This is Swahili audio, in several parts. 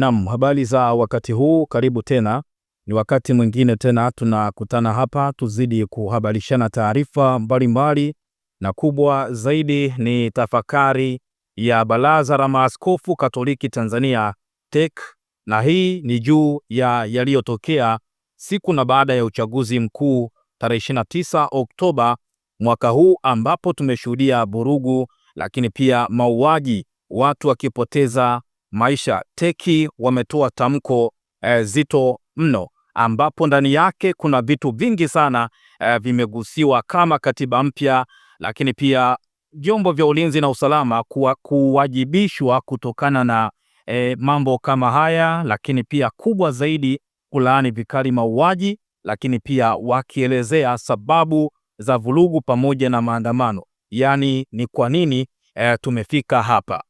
Naam, habari za wakati huu, karibu tena. Ni wakati mwingine tena tunakutana hapa tuzidi kuhabarishana taarifa mbalimbali, na kubwa zaidi ni tafakari ya Baraza la Maaskofu Katoliki Tanzania TEC, na hii ni juu ya yaliyotokea siku na baada ya uchaguzi mkuu tarehe 29 Oktoba mwaka huu, ambapo tumeshuhudia vurugu, lakini pia mauaji, watu wakipoteza maisha. Teki wametoa tamko e, zito mno ambapo ndani yake kuna vitu vingi sana e, vimegusiwa kama katiba mpya, lakini pia vyombo vya ulinzi na usalama kuwa, kuwajibishwa kutokana na e, mambo kama haya, lakini pia kubwa zaidi kulaani vikali mauaji, lakini pia wakielezea sababu za vurugu pamoja na maandamano, yaani ni kwa nini e, tumefika hapa.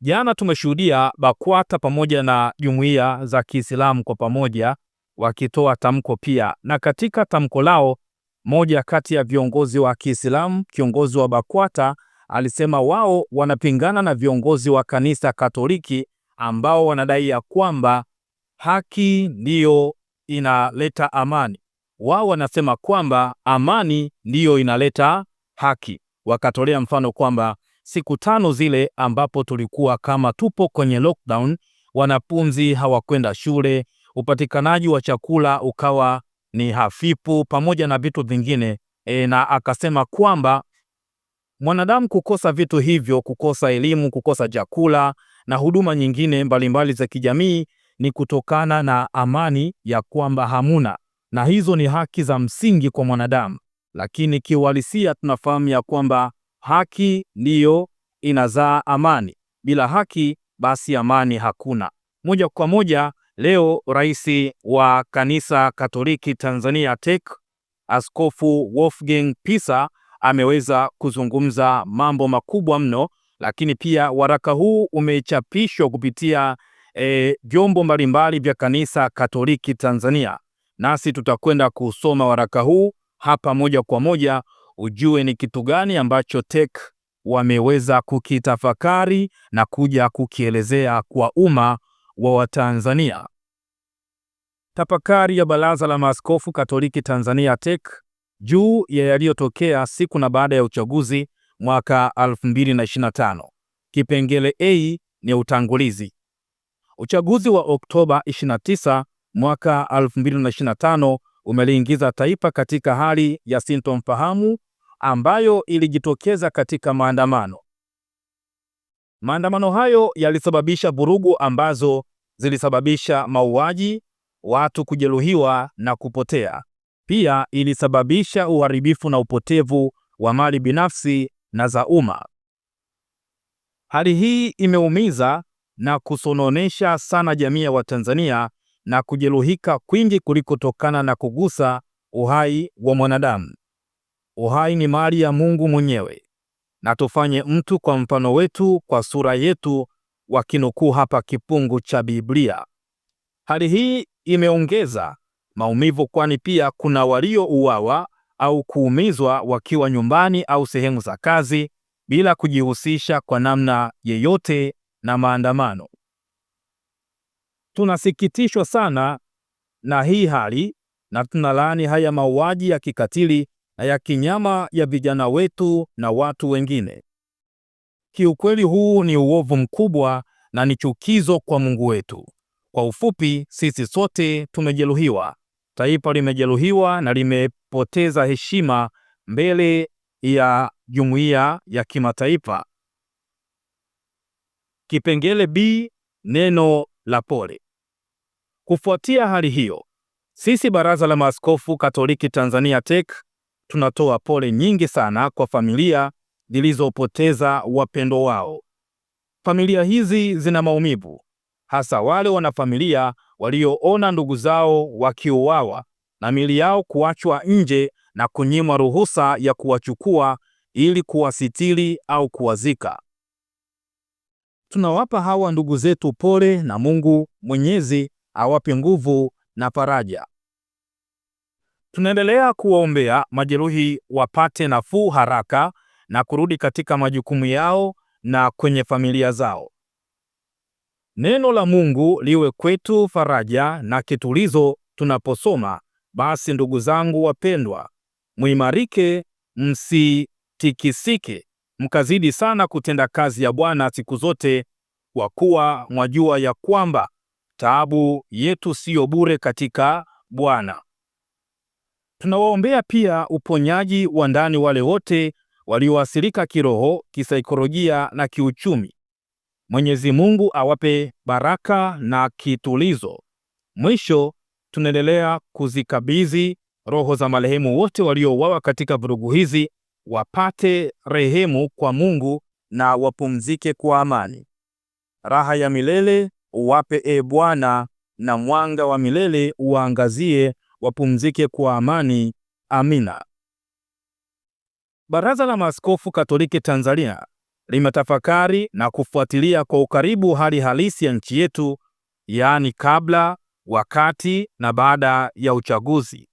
Jana tumeshuhudia BAKWATA pamoja na jumuiya za Kiislamu kwa pamoja wakitoa tamko pia, na katika tamko lao moja kati ya viongozi wa Kiislamu, kiongozi wa BAKWATA alisema wao wanapingana na viongozi wa kanisa Katoliki ambao wanadai ya kwamba haki ndiyo inaleta amani. Wao wanasema kwamba amani ndiyo inaleta haki, wakatolea mfano kwamba siku tano zile ambapo tulikuwa kama tupo kwenye lockdown, wanafunzi hawakwenda shule, upatikanaji wa chakula ukawa ni hafifu pamoja na vitu vingine e, na akasema kwamba mwanadamu kukosa vitu hivyo, kukosa elimu, kukosa chakula na huduma nyingine mbalimbali za kijamii ni kutokana na amani ya kwamba hamuna, na hizo ni haki za msingi kwa mwanadamu, lakini kiuhalisia tunafahamu ya kwamba Haki ndiyo inazaa amani. Bila haki, basi amani hakuna. Moja kwa moja, leo rais wa Kanisa Katoliki Tanzania TEC Askofu Wolfgang Pisa ameweza kuzungumza mambo makubwa mno, lakini pia waraka huu umechapishwa kupitia eh, vyombo e, mbalimbali vya Kanisa Katoliki Tanzania, nasi tutakwenda kusoma waraka huu hapa moja kwa moja ujue ni kitu gani ambacho TEC wameweza kukitafakari na kuja kukielezea kwa umma wa Watanzania. Tafakari ya Baraza la Maaskofu Katoliki Tanzania TEC juu ya yaliyotokea siku na baada ya uchaguzi mwaka 2025. Kipengele A ni utangulizi. Uchaguzi wa Oktoba 29 mwaka 2025 umeliingiza taifa katika hali ya sintofahamu ambayo ilijitokeza katika maandamano. Maandamano hayo yalisababisha vurugu ambazo zilisababisha mauaji, watu kujeruhiwa na kupotea. Pia ilisababisha uharibifu na upotevu wa mali binafsi na za umma. Hali hii imeumiza na kusononesha sana jamii ya Watanzania na kujeruhika kwingi kulikotokana na kugusa uhai wa mwanadamu. Uhai ni mali ya Mungu mwenyewe, na tufanye mtu kwa mfano wetu, kwa sura yetu, wakinukuu hapa kifungu cha Biblia. Hali hii imeongeza maumivu, kwani pia kuna waliouawa au kuumizwa wakiwa nyumbani au sehemu za kazi bila kujihusisha kwa namna yeyote na maandamano. Tunasikitishwa sana na hii hali na tunalaani haya mauaji ya kikatili na ya kinyama ya vijana wetu na watu wengine. Kiukweli, huu ni uovu mkubwa na ni chukizo kwa Mungu wetu. Kwa ufupi, sisi sote tumejeruhiwa. Taifa limejeruhiwa na limepoteza heshima mbele ya jumuiya ya kimataifa. Kipengele B, neno la pole. Kufuatia hali hiyo, sisi Baraza la Maaskofu Katoliki Tanzania TEC tunatoa pole nyingi sana kwa familia zilizopoteza wapendo wao. Familia hizi zina maumivu, hasa wale wanafamilia walioona ndugu zao wakiuawa na mili yao kuachwa nje na kunyimwa ruhusa ya kuwachukua ili kuwasitiri au kuwazika. Tunawapa hawa ndugu zetu pole na Mungu Mwenyezi awape nguvu na faraja. Tunaendelea kuwaombea majeruhi wapate nafuu haraka na kurudi katika majukumu yao na kwenye familia zao. Neno la Mungu liwe kwetu faraja na kitulizo tunaposoma. Basi ndugu zangu wapendwa, muimarike, msitikisike, mkazidi sana kutenda kazi ya Bwana siku zote, kwa kuwa mwajua ya kwamba taabu yetu siyo bure katika Bwana. Tunawaombea pia uponyaji wa ndani wale wote walioathirika kiroho, kisaikolojia na kiuchumi. Mwenyezi Mungu awape baraka na kitulizo. Mwisho, tunaendelea kuzikabidhi roho za marehemu wote waliouawa katika vurugu hizi, wapate rehemu kwa Mungu na wapumzike kwa amani. Raha ya milele uwape, e Bwana, na mwanga wa milele uwaangazie wapumzike kwa amani. Amina. Baraza la Maaskofu Katoliki Tanzania limetafakari na kufuatilia kwa ukaribu hali halisi ya nchi yetu, yaani kabla, wakati na baada ya uchaguzi.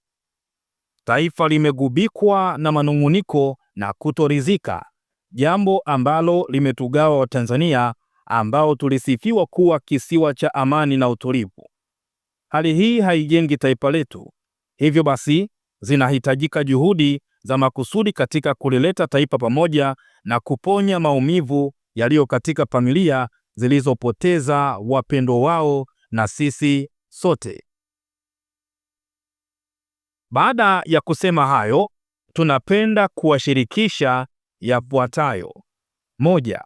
Taifa limegubikwa na manung'uniko na kutoridhika, jambo ambalo limetugawa Watanzania ambao tulisifiwa kuwa kisiwa cha amani na utulivu. Hali hii haijengi taifa letu, Hivyo basi zinahitajika juhudi za makusudi katika kulileta taifa pamoja na kuponya maumivu yaliyo katika familia zilizopoteza wapendo wao na sisi sote. Baada ya kusema hayo, tunapenda kuwashirikisha yafuatayo. Moja,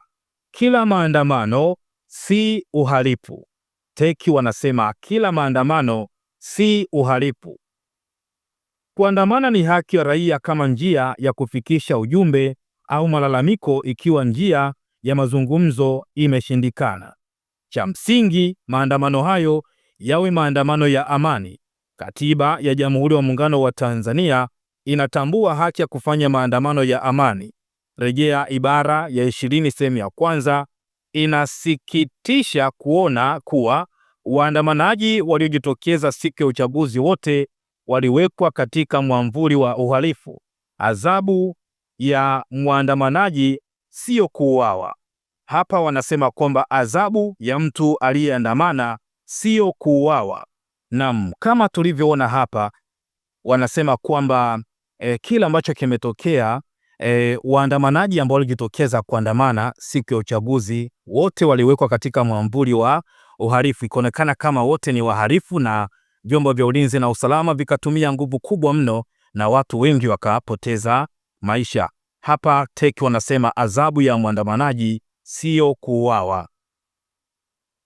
kila maandamano si uhalifu. Teki wanasema kila maandamano si uhalifu. Kuandamana ni haki ya raia kama njia ya kufikisha ujumbe au malalamiko, ikiwa njia ya mazungumzo imeshindikana. Cha msingi, maandamano hayo yawe maandamano ya amani. Katiba ya Jamhuri ya Muungano wa Tanzania inatambua haki ya kufanya maandamano ya amani. Rejea ibara ya 20 sehemu ya kwanza. Inasikitisha kuona kuwa waandamanaji waliojitokeza siku ya uchaguzi wote waliwekwa katika mwamvuli wa uhalifu. Adhabu ya mwandamanaji siyo kuuawa. Hapa wanasema kwamba adhabu ya mtu aliyeandamana siyo kuuawa. Naam, kama tulivyoona hapa wanasema kwamba e, kila ambacho kimetokea e, waandamanaji ambao walijitokeza kuandamana siku ya uchaguzi wote waliwekwa katika mwamvuli wa uhalifu. Ikaonekana kama wote ni waharifu na vyombo vya ulinzi na usalama vikatumia nguvu kubwa mno na watu wengi wakapoteza maisha. Hapa TEC wanasema adhabu ya mwandamanaji siyo kuuawa.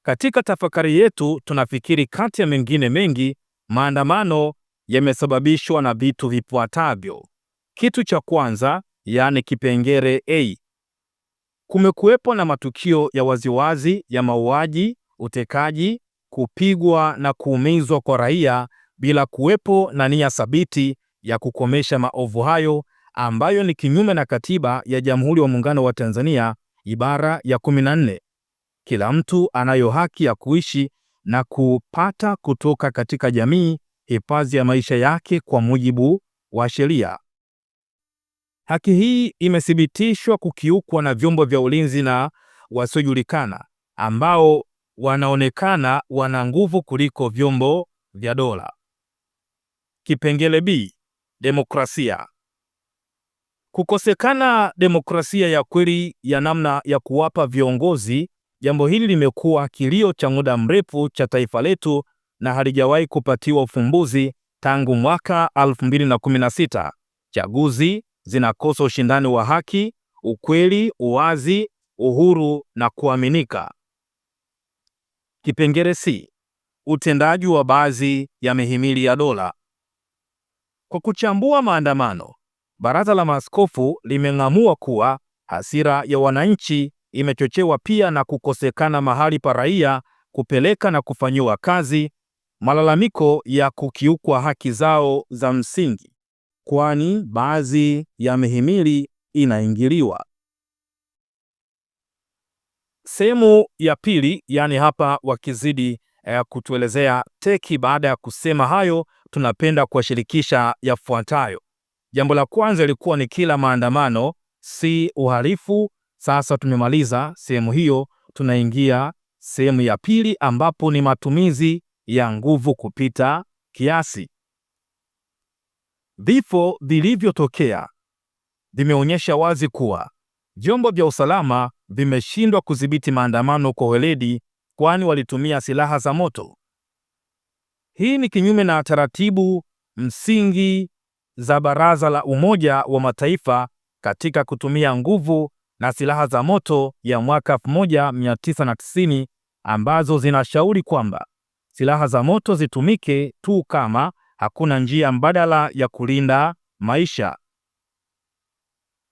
Katika tafakari yetu tunafikiri kati ya mengine mengi, maandamano yamesababishwa na vitu vifuatavyo. Kitu cha kwanza, yaani kipengere A, kumekuwepo na matukio ya waziwazi ya mauaji, utekaji, kupigwa na kuumizwa kwa raia bila kuwepo na nia thabiti ya kukomesha maovu hayo ambayo ni kinyume na Katiba ya Jamhuri ya Muungano wa Tanzania ibara ya 14. Kila mtu anayo haki ya kuishi na kupata kutoka katika jamii hifadhi ya maisha yake kwa mujibu wa sheria. Haki hii imethibitishwa kukiukwa na vyombo vya ulinzi na wasiojulikana ambao wanaonekana wana nguvu kuliko vyombo vya dola. Kipengele B, demokrasia. Kukosekana demokrasia ya kweli ya namna ya kuwapa viongozi, jambo hili limekuwa kilio cha muda mrefu cha taifa letu na halijawahi kupatiwa ufumbuzi tangu mwaka 2016. Chaguzi zinakosa ushindani wa haki, ukweli, uwazi, uhuru na kuaminika. Kipengele C, utendaji wa baadhi ya mihimili ya dola. Kwa kuchambua maandamano, Baraza la Maaskofu limeng'amua kuwa hasira ya wananchi imechochewa pia na kukosekana mahali pa raia kupeleka na kufanyiwa kazi malalamiko ya kukiukwa haki zao za msingi, kwani baadhi ya mihimili inaingiliwa. Sehemu ya pili, yani hapa wakizidi eh, kutuelezea teki. Baada ya kusema hayo, tunapenda kuwashirikisha yafuatayo. Jambo la kwanza ilikuwa ni kila maandamano si uhalifu. Sasa tumemaliza sehemu hiyo, tunaingia sehemu ya pili ambapo ni matumizi ya nguvu kupita kiasi. Vifo vilivyotokea vimeonyesha wazi kuwa vyombo vya usalama vimeshindwa kudhibiti maandamano kwa weledi, kwani walitumia silaha za moto. Hii ni kinyume na taratibu msingi za Baraza la Umoja wa Mataifa katika kutumia nguvu na silaha za moto ya mwaka 1990 ambazo zinashauri kwamba silaha za moto zitumike tu kama hakuna njia mbadala ya kulinda maisha.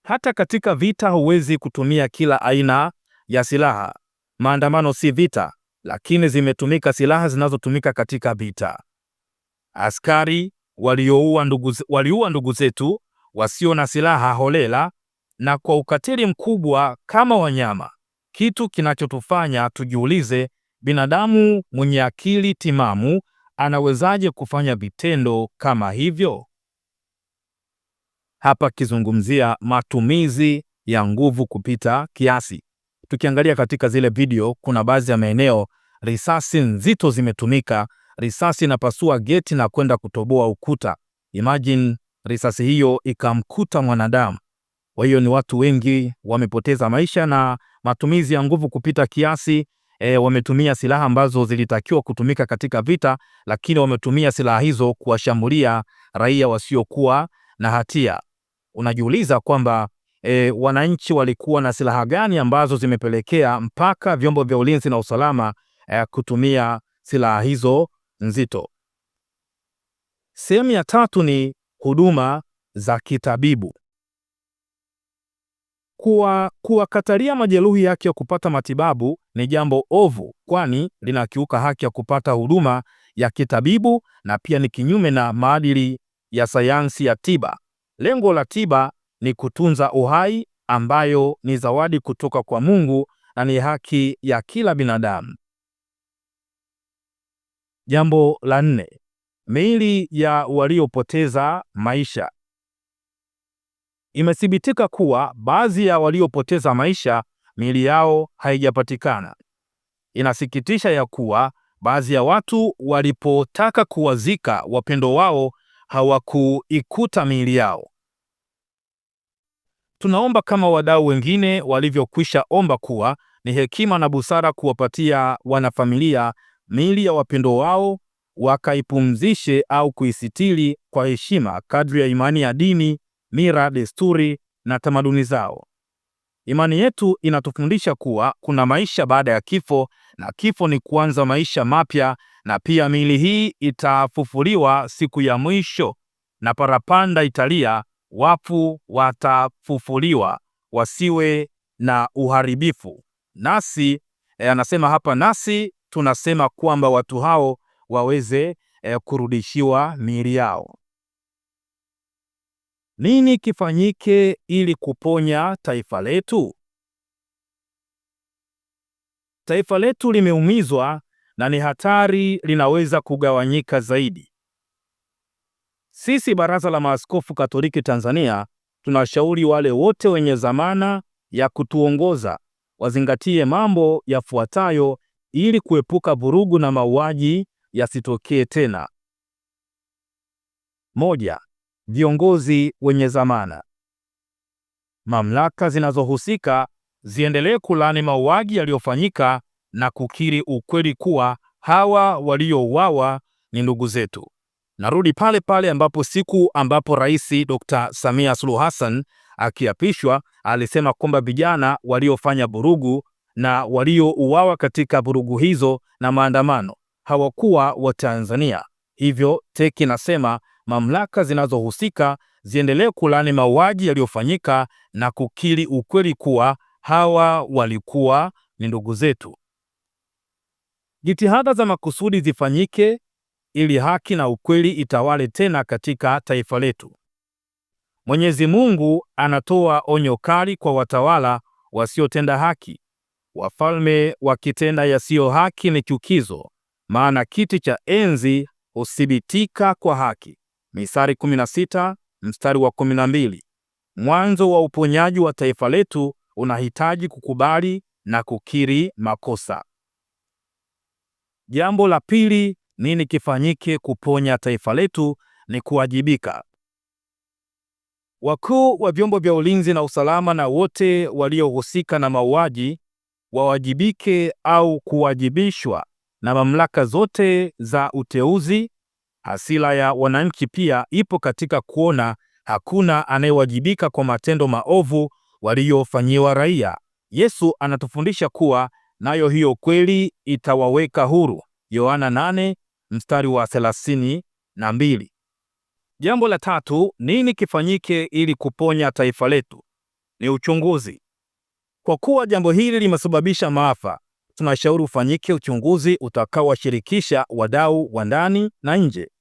Hata katika vita huwezi kutumia kila aina ya silaha. Maandamano si vita, lakini zimetumika silaha zinazotumika katika vita. Askari waliua ndugu, waliua ndugu zetu wasio na silaha holela na kwa ukatili mkubwa kama wanyama, kitu kinachotufanya tujiulize, binadamu mwenye akili timamu anawezaje kufanya vitendo kama hivyo? hapa akizungumzia matumizi ya nguvu kupita kiasi. Tukiangalia katika zile video, kuna baadhi ya maeneo risasi nzito zimetumika, risasi inapasua geti na kwenda kutoboa ukuta. Imagine risasi hiyo ikamkuta mwanadamu. Kwa hiyo ni watu wengi wamepoteza maisha na matumizi ya nguvu kupita kiasi. E, wametumia silaha ambazo zilitakiwa kutumika katika vita, lakini wametumia silaha hizo kuwashambulia raia wasiokuwa na hatia unajiuliza kwamba e, wananchi walikuwa na silaha gani ambazo zimepelekea mpaka vyombo vya ulinzi na usalama e, kutumia silaha hizo nzito. Sehemu ya tatu ni huduma za kitabibu. Kuwa kuwakatalia majeruhi haki ya kupata matibabu ni jambo ovu, kwani linakiuka haki ya kupata huduma ya kitabibu na pia ni kinyume na maadili ya sayansi ya tiba. Lengo la tiba ni kutunza uhai, ambayo ni zawadi kutoka kwa Mungu na ni haki ya kila binadamu. Jambo la nne, miili ya waliopoteza maisha. Imethibitika kuwa baadhi ya waliopoteza maisha miili yao haijapatikana. Inasikitisha ya kuwa baadhi ya watu walipotaka kuwazika wapendo wao hawakuikuta miili yao. Tunaomba kama wadau wengine walivyokwisha omba kuwa ni hekima na busara kuwapatia wanafamilia miili ya wapendo wao, wakaipumzishe au kuisitiri kwa heshima kadri ya imani ya dini, mira, desturi na tamaduni zao. Imani yetu inatufundisha kuwa kuna maisha baada ya kifo na kifo ni kuanza maisha mapya, na pia miili hii itafufuliwa siku ya mwisho na parapanda italia wafu watafufuliwa wasiwe na uharibifu. Nasi e, anasema hapa, nasi tunasema kwamba watu hao waweze e, kurudishiwa miili yao. Nini kifanyike ili kuponya taifa letu? Taifa letu limeumizwa na ni hatari, linaweza kugawanyika zaidi. Sisi Baraza la Maaskofu Katoliki Tanzania tunashauri wale wote wenye dhamana ya kutuongoza wazingatie mambo yafuatayo ili kuepuka vurugu na mauaji yasitokee tena. Moja, viongozi wenye dhamana. Mamlaka zinazohusika ziendelee kulani mauaji yaliyofanyika na kukiri ukweli kuwa hawa waliouawa ni ndugu zetu. Narudi pale pale ambapo siku ambapo Rais Dr. Samia Suluhu Hassan akiapishwa alisema kwamba vijana waliofanya vurugu na waliouawa katika vurugu hizo na maandamano hawakuwa Watanzania. Hivyo teki nasema mamlaka zinazohusika ziendelee kulani mauaji yaliyofanyika na kukiri ukweli kuwa hawa walikuwa ni ndugu zetu. Jitihada za makusudi zifanyike ili haki na ukweli itawale tena katika taifa letu. Mwenyezi Mungu anatoa onyo kali kwa watawala wasiotenda haki. Wafalme wakitenda yasiyo haki ni chukizo, maana kiti cha enzi huthibitika kwa haki. Misari 16 mstari wa 12. Mwanzo wa uponyaji wa taifa letu unahitaji kukubali na kukiri makosa. Jambo la pili nini kifanyike kuponya taifa letu ni kuwajibika. Wakuu wa vyombo vya ulinzi na usalama na wote waliohusika na mauaji wawajibike au kuwajibishwa na mamlaka zote za uteuzi. Hasira ya wananchi pia ipo katika kuona hakuna anayewajibika kwa matendo maovu waliofanyiwa raia. Yesu anatufundisha kuwa nayo hiyo kweli itawaweka huru, Yohana mstari wa thelathini na mbili. Jambo la tatu, nini kifanyike ili kuponya taifa letu? Ni uchunguzi. Kwa kuwa jambo hili limesababisha maafa, tunashauri ufanyike uchunguzi utakaowashirikisha wadau wa ndani na nje.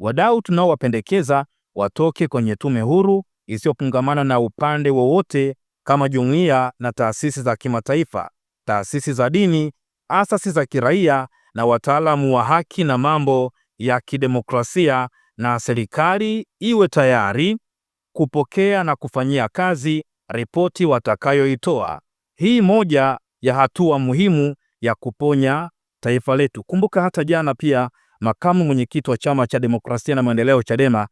Wadau tunaowapendekeza watoke kwenye tume huru isiyofungamana na upande wowote kama jumuiya na taasisi za kimataifa, taasisi za dini, asasi za kiraia na wataalamu wa haki na mambo ya kidemokrasia na serikali iwe tayari kupokea na kufanyia kazi ripoti watakayoitoa. Hii moja ya hatua muhimu ya kuponya taifa letu. Kumbuka hata jana pia makamu mwenyekiti wa chama cha demokrasia na maendeleo Chadema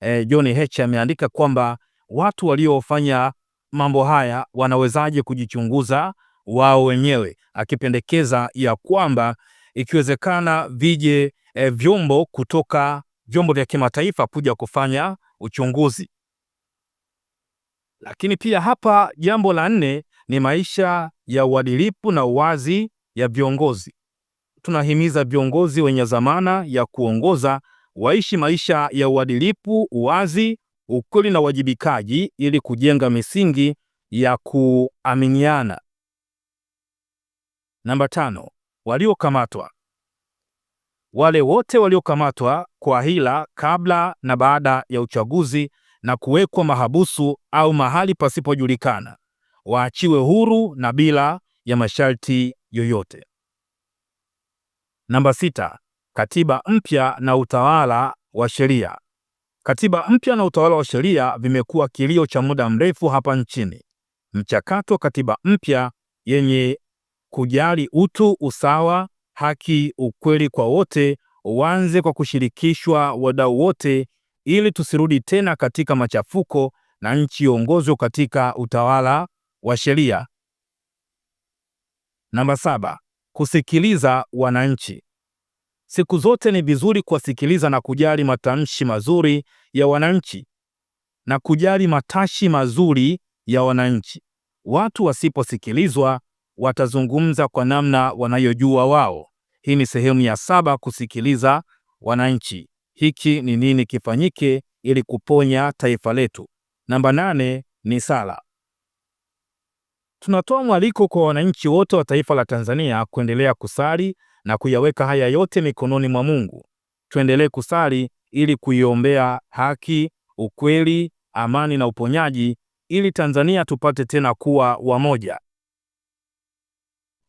eh, John Heche ameandika kwamba watu waliofanya mambo haya wanawezaje kujichunguza wao wenyewe, akipendekeza ya kwamba ikiwezekana vije e, vyombo kutoka vyombo vya kimataifa kuja kufanya uchunguzi. Lakini pia hapa jambo la nne ni maisha ya uadilifu na uwazi ya viongozi. Tunahimiza viongozi wenye dhamana ya kuongoza waishi maisha ya uadilifu, uwazi, ukweli na uwajibikaji ili kujenga misingi ya kuaminiana. Namba tano, waliokamatwa. Wale wote waliokamatwa kwa hila kabla na baada ya uchaguzi na kuwekwa mahabusu au mahali pasipojulikana waachiwe huru na bila ya masharti yoyote. Namba sita, katiba mpya na utawala wa sheria. Katiba mpya na utawala wa sheria vimekuwa kilio cha muda mrefu hapa nchini. Mchakato wa katiba mpya yenye kujali utu, usawa, haki, ukweli kwa wote uanze kwa kushirikishwa wadau wote, ili tusirudi tena katika machafuko na nchi iongozwe katika utawala wa sheria. Namba saba, kusikiliza wananchi. Siku zote ni vizuri kuwasikiliza na kujali matamshi mazuri ya wananchi na kujali matashi mazuri ya wananchi. Watu wasiposikilizwa watazungumza kwa namna wanayojua wao. Hii ni sehemu ya saba, kusikiliza wananchi. Hiki ni nini kifanyike ili kuponya taifa letu. Namba nane ni sala. Tunatoa mwaliko kwa wananchi wote wa taifa la Tanzania kuendelea kusali na kuyaweka haya yote mikononi mwa Mungu. Tuendelee kusali ili kuiombea haki, ukweli, amani na uponyaji ili Tanzania tupate tena kuwa wamoja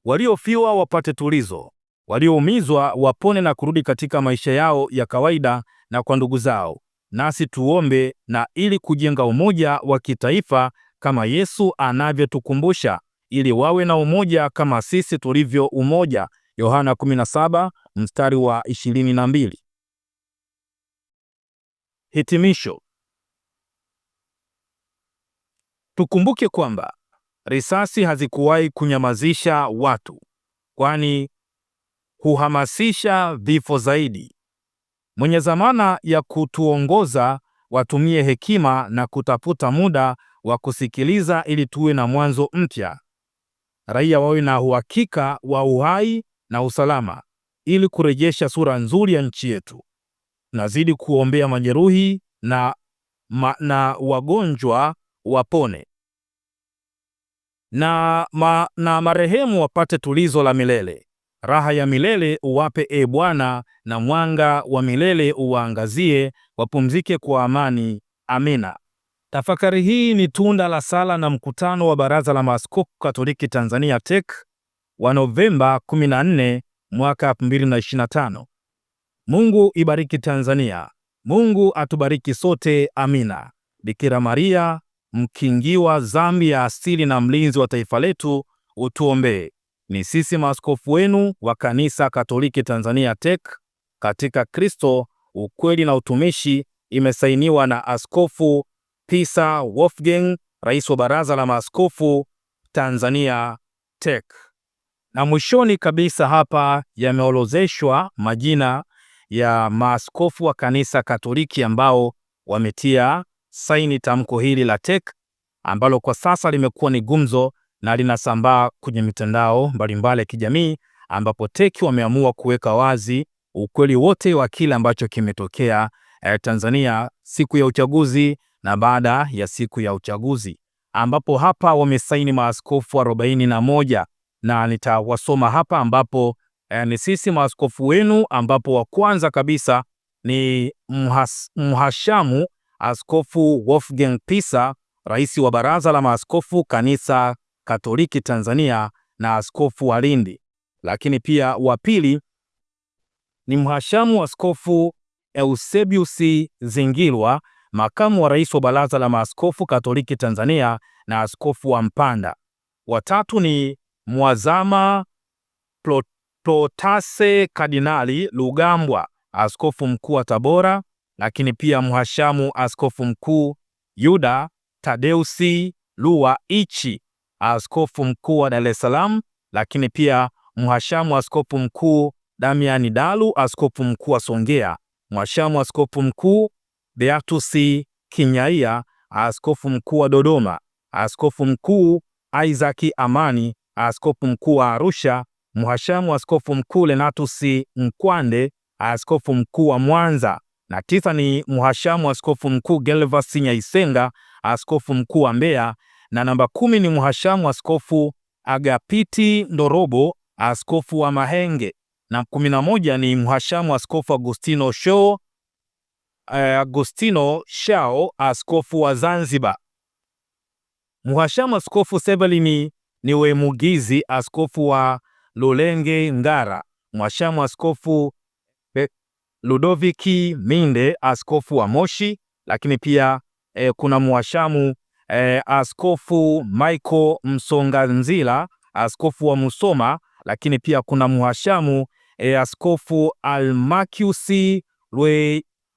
waliofiwa wapate tulizo, walioumizwa wapone na kurudi katika maisha yao ya kawaida na kwa ndugu zao. Nasi tuombe na ili kujenga umoja wa kitaifa kama Yesu anavyotukumbusha ili wawe na umoja kama sisi tulivyo umoja, Yohana 17 mstari wa 22. Hitimisho. Tukumbuke kwamba Risasi hazikuwahi kunyamazisha watu, kwani huhamasisha vifo zaidi. Mwenye zamana ya kutuongoza watumie hekima na kutafuta muda wa kusikiliza ili tuwe na mwanzo mpya. Raia wawe na uhakika wa uhai na usalama ili kurejesha sura nzuri ya nchi yetu. Nazidi kuombea majeruhi na, ma, na wagonjwa wapone na, ma, na marehemu wapate tulizo la milele. Raha ya milele uwape e Bwana, na mwanga wa milele uwaangazie, wapumzike kwa amani. Amina. Tafakari hii ni tunda la sala na mkutano wa Baraza la Maaskofu Katoliki Tanzania TEC wa Novemba 14 mwaka 2025. Mungu ibariki Tanzania. Mungu atubariki sote. Amina. Bikira Maria mkingiwa dhambi ya asili na mlinzi wa taifa letu, utuombee. Ni sisi maaskofu wenu wa Kanisa Katoliki Tanzania TEC katika Kristo, ukweli na utumishi. Imesainiwa na Askofu Pisa Wolfgang, rais wa Baraza la Maaskofu Tanzania TEC. Na mwishoni kabisa hapa yameolozeshwa majina ya maaskofu wa Kanisa Katoliki ambao wametia saini tamko hili la TEC ambalo kwa sasa limekuwa ni gumzo na linasambaa kwenye mitandao mbalimbali ya kijamii, ambapo TEC wameamua kuweka wazi ukweli wote wa kile ambacho kimetokea eh, Tanzania siku ya uchaguzi na baada ya siku ya uchaguzi, ambapo hapa wamesaini maaskofu arobaini na moja na nitawasoma hapa ambapo eh, ni sisi maaskofu wenu, ambapo wa kwanza kabisa ni mhas, mhashamu Askofu Wolfgang Pisa, rais wa Baraza la Maaskofu Kanisa Katoliki Tanzania na askofu wa Lindi. Lakini pia wa pili ni mhashamu askofu Eusebius Zingilwa, makamu wa rais wa Baraza la Maaskofu Katoliki Tanzania na askofu wa Mpanda. Watatu ni Mwazama Protase Kardinali Lugambwa, askofu mkuu wa Tabora lakini pia mhashamu askofu mkuu Yuda Tadeusi lua ichi askofu mkuu wa Dar es Salaam, lakini pia mhashamu askofu mkuu Damian Dalu askofu mkuu wa Songea, mhashamu askofu mkuu Beatus Kinyaia askofu mkuu wa Dodoma, askofu mkuu Isaac Amani askofu mkuu wa Arusha, mhashamu askofu mkuu Lenatus Mkwande askofu mkuu wa Mwanza na tisa ni mhashamu askofu mkuu Gervas Nyaisenga askofu mkuu wa Mbeya, na namba kumi ni mhashamu askofu Agapiti Ndorobo askofu wa Mahenge, na kumi na moja ni mhashamu askofu Agustino Shao eh, Agustino Shao askofu wa Zanzibar. Mhashamu askofu Sevelini ni Wemugizi askofu wa Lulenge Ngara. Mhashamu askofu Ludoviki Minde, askofu wa Moshi, lakini pia e, kuna mwashamu e, askofu Michael Msonganzila, askofu wa Musoma, lakini pia kuna mwashamu e, askofu Almakius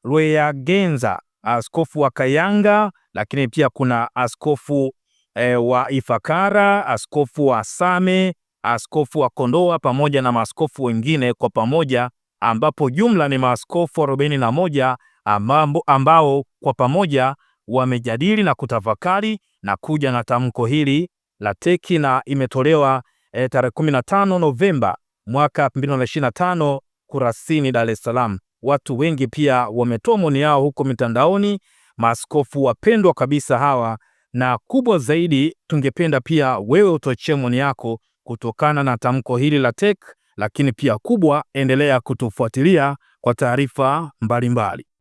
Lweyagenza, askofu wa Kayanga, lakini pia kuna askofu e, wa Ifakara, askofu wa Same, askofu wa Kondoa pamoja na maaskofu wengine kwa pamoja ambapo jumla ni maaskofu 41 ambao kwa pamoja wamejadili na kutafakari na kuja na tamko hili la teki na imetolewa e, tarehe 15 Novemba mwaka 2025 Kurasini, Dar es Salaam. Watu wengi pia wametoa maoni yao huko mitandaoni, maaskofu wapendwa kabisa hawa, na kubwa zaidi, tungependa pia wewe utochee maoni yako kutokana na tamko hili la tek lakini pia kubwa, endelea kutufuatilia kwa taarifa mbalimbali.